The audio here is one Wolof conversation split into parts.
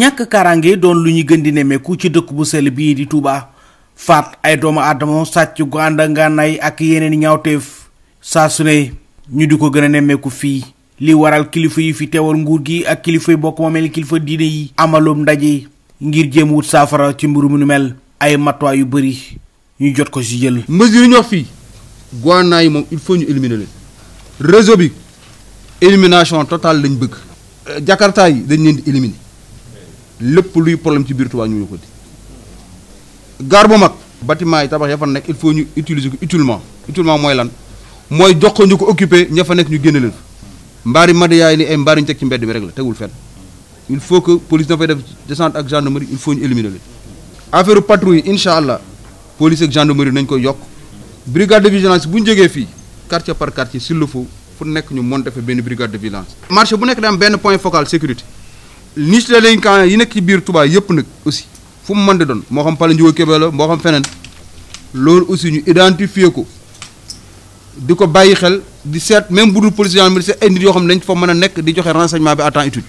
ñàkk kaaraange doon lu ñuy gën di nemmeeku ci dëkk bu sell bii di Touba faat ay doomu aadama sàcc gu ànd ak ngànnaay ak yeneen ñaawteef saa su ne ñu di ko gën a nemmeeku fii li waral kilifa yi fi teewal nguur gi ak kilifa yi bokk moomeel kilifa diine yi amaloom ndaje ngir jéem wut saafara ci mbiru mu nu mel ay matuwaay yu bëri ñuy jot ko si jël. mesure yi ñu wax fii gouvernement moom il faut ñu éliminer leen réseau bi élimination totale lañ bëgg. jakarta yi dañ leen di éliminer. lépp luy problème ci biir Touba ñu ñu ko di gaar bu mag batiment yi tabax ya fa nekk il faut ñu utiliser ko utilement utilement mooy lan mooy jox ko ñu ko occupé ña fa nekk ñu génne leen mbaari madayaay ni ay mbaari ñu teg ci mbedd mi rek la tegul fenn il faut que police na fay def descente ak gendarmerie il faut ñu éliminer leen affaire patrouille incha allah police ak gendarmerie nañ koy yokk brigade de vigilance bu ñu jógee fii quartier par quartier s'il le ñu monter fa benn brigade de vigilance marché bu nekk focal sécurité niche la yi nekk ci biir tubaay yëpp nag aussi fu mu mën di doon moo xam Pala Ndiogou Kébé la moo xam feneen loolu aussi ñu identifier ko di ko bàyyi xel di seet même bu dul police gendarmerie nit yoo xam ne dañ fa mën a nekk di joxe renseignement bi à temps utile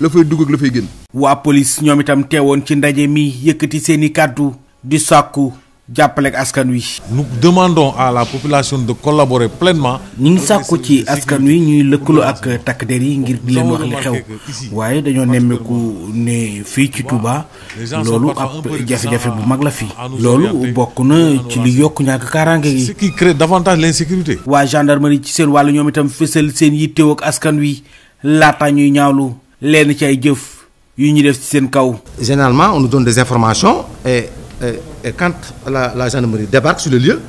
la fay dugg la fay génn. waa police ñoom itam teewoon ci ndaje mi yëkkati seeni kàddu di sàkku. jàppale ak askan wi. nous demandons à la population de collaborer pleinement. ñu ngi sàkku ci askan wi ñuy lëkkaloo ak takk der yi ngir di leen wax li xew waaye dañoo nemmeeku ne fii ci Touba loolu ab jafe-jafe bu mag la fii. loolu bokk na ci li yokk ñàkk kaaraange gi. ce qui crée davantage l'insécurité. waa gendarmerie ci seen wàllu ñoom itam fësal seen yittewoo ak askan wi laata ñuy ñaawlu leen ci ay jëf yu ñu def ci seen kaw. généralement on nous donne des informations et quand la la gendarmerie débarque sur le lieu.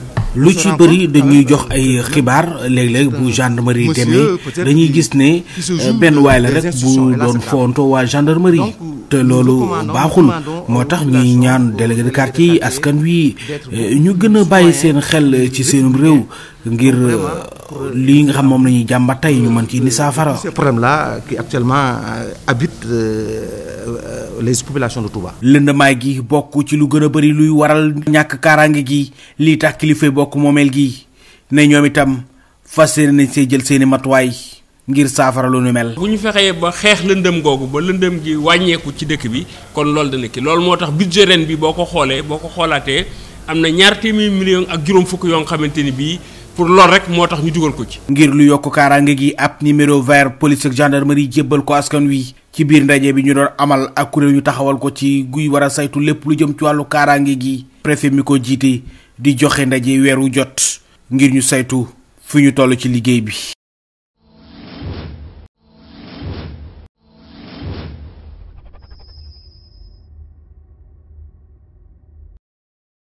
lu ci bëri dañuy jox ay xibaar léeg-léeg bu gendarmerie demee dañuy gis ne euh, benn waay la rek bu doon fonto waa gendarmerie. te loolu baaxul moo tax ñuy ñaan délégué de quartier yi askan wi euh, ñu gën a bàyyi seen xel euh, ci seenum réew ngir euh, lii nga xam moom la ñuy jàmbat tey ñu man ci ni saafara. ce problème là qui actuellement habite les populations de Touba. lëndamaay gi bokk ci lu gën a bëri luy waral ñàkk kaaraange gi lii tax kilifa bokk moomeel gi ne ñoom itam fas yéene nañ see jël seeni matuwaay. ngir saafara lu nu mel. bu ñu fexee ba xeex lëndëm googu ba lëndëm gi wàññeeku ci dëkk bi kon loolu dana ki loolu moo tax budget ren bi boo ko xoolee boo ko xoolaatee am na ñaar téeméeri million ak juróom fukk yoon nga xamante ni bii. pour lool rek moo tax ñu dugal ko ci. ngir lu yokk kaaraange gi ab numéro vert police ak gendarmerie jébbal ko askan wi ci biir ndaje bi ñu doon amal ak kuréel ñu taxawal ko ci guy war a saytu lépp lu jëm ci wàllu kaaraange gi. préfet mi di joxe ndaje weer jot ngir ñu saytu fi ñu toll ci liggéey bi.